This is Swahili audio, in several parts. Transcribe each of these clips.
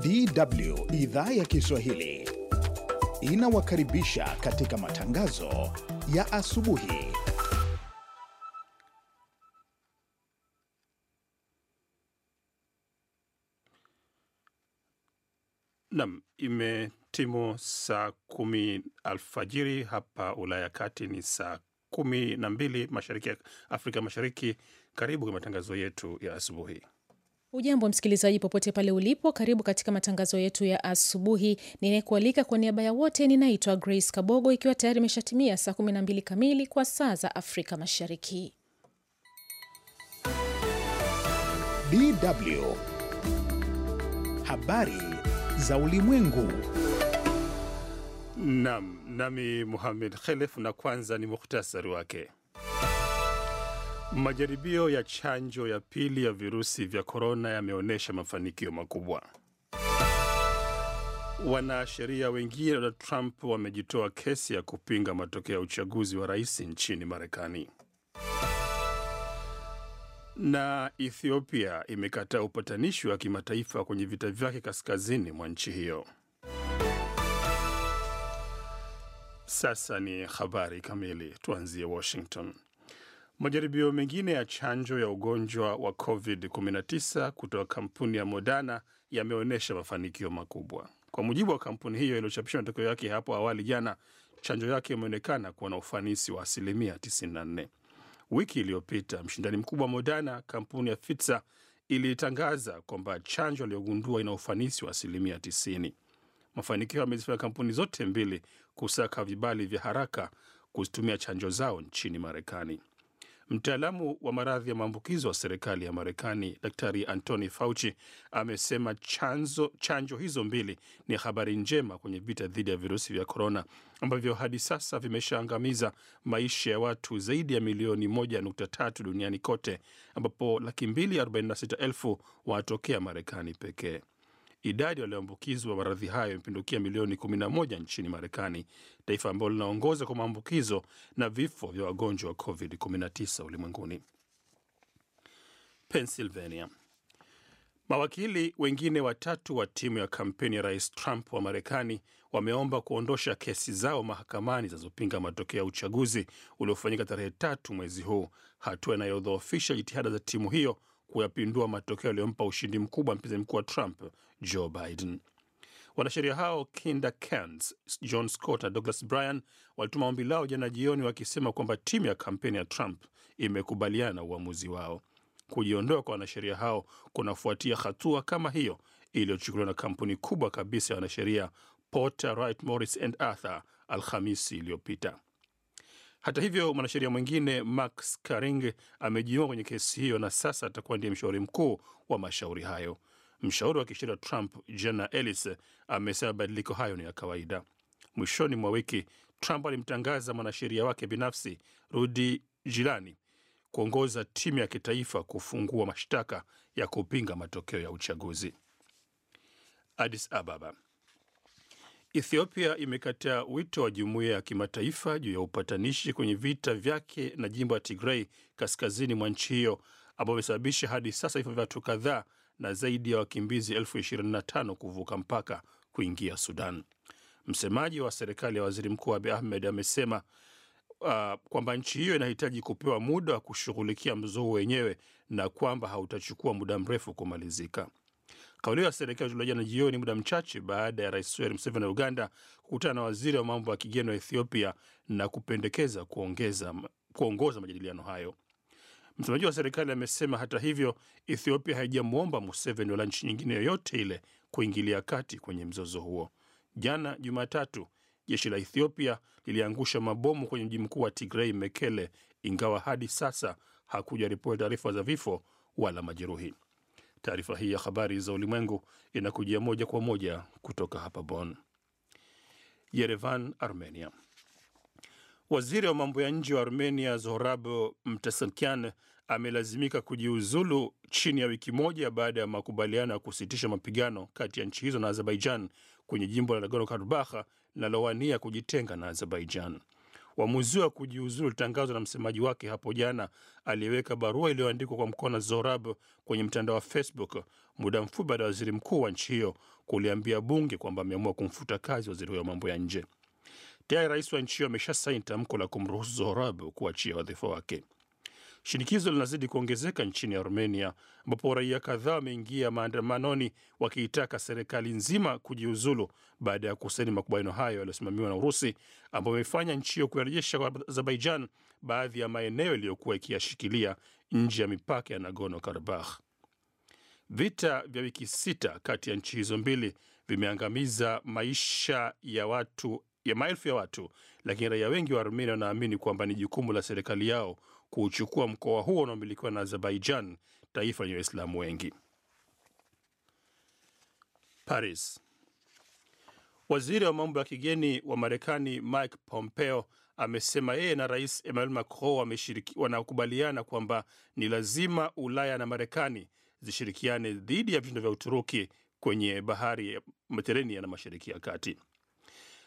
DW idhaa ya Kiswahili inawakaribisha katika matangazo ya asubuhi. Nam, imetimu saa kumi alfajiri hapa Ulaya kati ni saa kumi na mbili mashariki, Afrika Mashariki. Karibu kwa matangazo yetu ya asubuhi. Ujambo msikilizaji, popote pale ulipo, karibu katika matangazo yetu ya asubuhi. Ninayekualika kwa niaba ya wote ninaitwa Grace Kabogo, ikiwa tayari imeshatimia saa 12 kamili kwa saa za Afrika Mashariki. DW Habari za Ulimwengu. Nam nami Muhamed Khelef, na kwanza ni muhtasari wake. Majaribio ya chanjo ya pili ya virusi vya korona yameonyesha mafanikio makubwa. Wanasheria wengine wa Trump wamejitoa kesi ya kupinga matokeo ya uchaguzi wa rais nchini Marekani. Na Ethiopia imekataa upatanishi wa kimataifa kwenye vita vyake kaskazini mwa nchi hiyo. Sasa ni habari kamili, tuanzie Washington. Majaribio mengine ya chanjo ya ugonjwa wa COVID-19 kutoka kampuni ya Moderna yameonyesha mafanikio makubwa. Kwa mujibu wa kampuni hiyo iliyochapisha matokeo yake hapo awali jana, chanjo yake imeonekana kuwa na ufanisi wa asilimia 94. Wiki iliyopita mshindani mkubwa wa Moderna, kampuni ya Pfizer ilitangaza kwamba chanjo aliyogundua ina ufanisi wa asilimia 90. Mafanikio yamezifanya kampuni zote mbili kusaka vibali vya haraka kuzitumia chanjo zao nchini Marekani. Mtaalamu wa maradhi ya maambukizo wa serikali ya Marekani, Daktari Anthony Fauci amesema chanzo, chanjo hizo mbili ni habari njema kwenye vita dhidi ya virusi vya korona ambavyo hadi sasa vimeshaangamiza maisha ya watu zaidi ya milioni 1.3 duniani kote, ambapo laki 246 elfu watokea Marekani pekee. Idadi walioambukizwa maradhi hayo imepindukia milioni 11 nchini Marekani, taifa ambalo linaongoza kwa maambukizo na vifo vya wagonjwa wa COVID-19 ulimwenguni. Pennsylvania. Mawakili wengine watatu wa timu ya kampeni ya Rais Trump wa Marekani wameomba kuondosha kesi zao mahakamani zinazopinga matokeo ya uchaguzi uliofanyika tarehe tatu mwezi huu, hatua inayodhoofisha jitihada za timu hiyo kuyapindua matokeo yaliyompa ushindi mkubwa mpinzani mkuu wa Trump, Joe Biden. Wanasheria hao Kinda Cairns, John Scott na Douglas Bryan walituma ombi lao jana jioni, wakisema kwamba timu ya kampeni ya Trump imekubaliana na uamuzi wao. Kujiondoa kwa wanasheria hao kunafuatia hatua kama hiyo iliyochukuliwa na kampuni kubwa kabisa ya wanasheria Porter Wright Morris and Arthur Alhamisi iliyopita. Hata hivyo, mwanasheria mwingine Max Karing amejiunga kwenye kesi hiyo na sasa atakuwa ndiye mshauri mkuu wa mashauri hayo. Mshauri wa kisheria Trump jana Ellis amesema mabadiliko hayo ni ya kawaida. Mwishoni mwa wiki Trump alimtangaza mwanasheria wake binafsi rudi jilani kuongoza timu ya kitaifa kufungua mashtaka ya kupinga matokeo ya uchaguzi. adis Ababa. Ethiopia imekataa wito wa jumuiya ya kimataifa juu ya upatanishi kwenye vita vyake na jimbo ya tigrei kaskazini mwa nchi hiyo ambao imesababisha hadi sasa vifo vya watu kadhaa na zaidi ya wakimbizi 25 kuvuka mpaka kuingia Sudan. Msemaji wa serikali ya waziri mkuu abi Ahmed amesema uh, kwamba nchi hiyo inahitaji kupewa muda wa kushughulikia mzozo wenyewe na kwamba hautachukua muda mrefu kumalizika. Kauli hiyo ya serikali ilitolewa jana jioni, muda mchache baada ya rais Yoweri Museveni wa Uganda kukutana na waziri wa mambo ya kigeni wa Ethiopia na kupendekeza kuongeza kuongoza majadiliano hayo. Msemaji wa serikali amesema hata hivyo, Ethiopia haijamwomba Museveni wala nchi nyingine yoyote ile kuingilia kati kwenye mzozo huo. Jana Jumatatu, jeshi la Ethiopia liliangusha mabomu kwenye mji mkuu wa Tigrei, Mekele, ingawa hadi sasa hakuja ripoti taarifa za vifo wala majeruhi. Taarifa hii ya habari za ulimwengu inakujia moja kwa moja kutoka hapa Bonn. Yerevan, Armenia. Waziri wa mambo ya nje wa Armenia Zohrab Mtesankian amelazimika kujiuzulu chini ya wiki moja baada ya makubaliano ya kusitisha mapigano kati ya nchi hizo na Azerbaijan kwenye jimbo la Nagorno Karabakh linalowania kujitenga na Azerbaijan. Uamuzi wa kujiuzulu ulitangazwa na msemaji wake hapo jana, aliyeweka barua iliyoandikwa kwa mkono zohrab Zorab kwenye mtandao wa Facebook muda mfupi baada ya waziri mkuu wa nchi hiyo kuliambia bunge kwamba ameamua kumfuta kazi waziri huyo wa mambo ya nje. Tayari rais wa nchi hiyo amesha saini tamko la kumruhusu Zohrab kuachia wadhifa wake. Shinikizo linazidi kuongezeka nchini Armenia, ambapo raia kadhaa wameingia maandamanoni wakiitaka serikali nzima kujiuzulu baada ya kusaini makubaliano hayo yaliyosimamiwa na Urusi, ambayo imefanya nchi hiyo kuyarejesha kwa Azerbaijan baadhi ya maeneo iliyokuwa ikiyashikilia nje ya mipaka ya nagono Karabakh. Vita vya wiki sita kati ya nchi hizo mbili vimeangamiza maisha ya watu ya maelfu ya watu, lakini raia wengi wa Armenia wanaamini kwamba ni jukumu la serikali yao kuuchukua mkoa huo unaomilikiwa na Azerbaijan, taifa lenye Waislamu wengi. Paris. Waziri wa mambo ya kigeni wa Marekani Mike Pompeo amesema yeye na Rais Emmanuel Macron wanakubaliana kwamba ni lazima Ulaya na Marekani zishirikiane dhidi ya vitendo vya Uturuki kwenye bahari ya Mediterania na Mashariki ya Kati.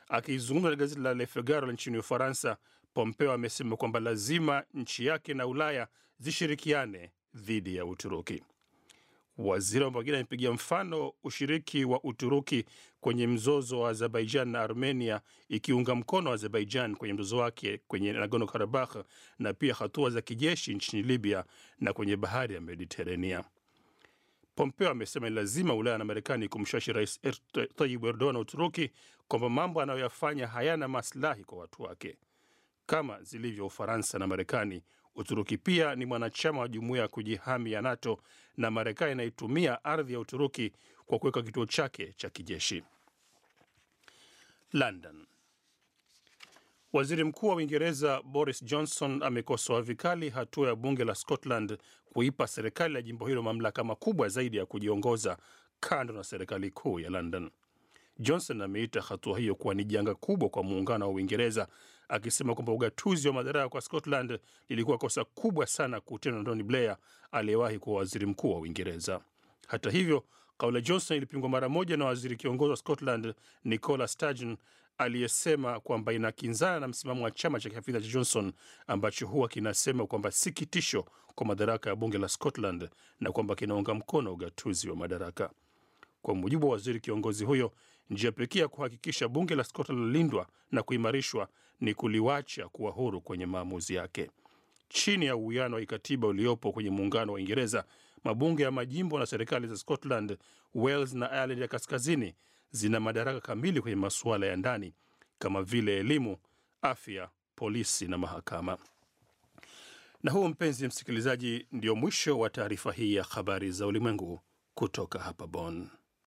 Akizungumza na gazeti la Le Figaro nchini Ufaransa, Pompeo amesema kwamba lazima nchi yake na Ulaya zishirikiane dhidi ya Uturuki. Waziri wa mambo ya kigeni amepigia mfano ushiriki wa Uturuki kwenye mzozo wa Azerbaijan na Armenia, ikiunga mkono Azerbaijan kwenye mzozo wake kwenye Nagorno Karabakh na pia hatua za kijeshi nchini Libya na kwenye bahari ya Mediterania. Pompeo amesema ni lazima Ulaya na Marekani kumshashi Rais er, Tayyip Erdogan wa Uturuki kwamba mambo anayoyafanya hayana maslahi kwa watu wake. Kama zilivyo Ufaransa na Marekani, Uturuki pia ni mwanachama wa jumuiya ya kujihami ya NATO na Marekani inaitumia ardhi ya Uturuki kwa kuweka kituo chake cha kijeshi London. Waziri Mkuu wa Uingereza Boris Johnson amekosoa vikali hatua ya bunge la Scotland kuipa serikali ya jimbo hilo mamlaka makubwa zaidi ya kujiongoza kando na serikali kuu ya London. Johnson ameita hatua hiyo kuwa ni janga kubwa kwa muungano wa Uingereza, akisema kwamba ugatuzi wa madaraka kwa Scotland lilikuwa kosa kubwa sana kutendwa na Tony Blair aliyewahi kuwa waziri mkuu wa Uingereza. Hata hivyo, kauli ya Johnson ilipingwa mara moja na waziri kiongozi wa Scotland Nicola Sturgeon aliyesema kwamba inakinzana na msimamo wa chama cha kihafidha cha Johnson ambacho huwa kinasema kwamba si kitisho kwa madaraka ya bunge la Scotland na kwamba kinaunga mkono ugatuzi wa madaraka. Kwa mujibu wa waziri kiongozi huyo, njia pekee ya kuhakikisha bunge la Scotland lilindwa na kuimarishwa ni kuliwacha kuwa huru kwenye maamuzi yake. Chini ya uwiano wa kikatiba uliopo kwenye muungano wa Uingereza, mabunge ya majimbo na serikali za Scotland, Wales na Ireland ya kaskazini zina madaraka kamili kwenye masuala ya ndani kama vile elimu, afya, polisi na mahakama. Na huu, mpenzi msikilizaji, ndio mwisho wa taarifa hii ya habari za ulimwengu kutoka hapa Bonn.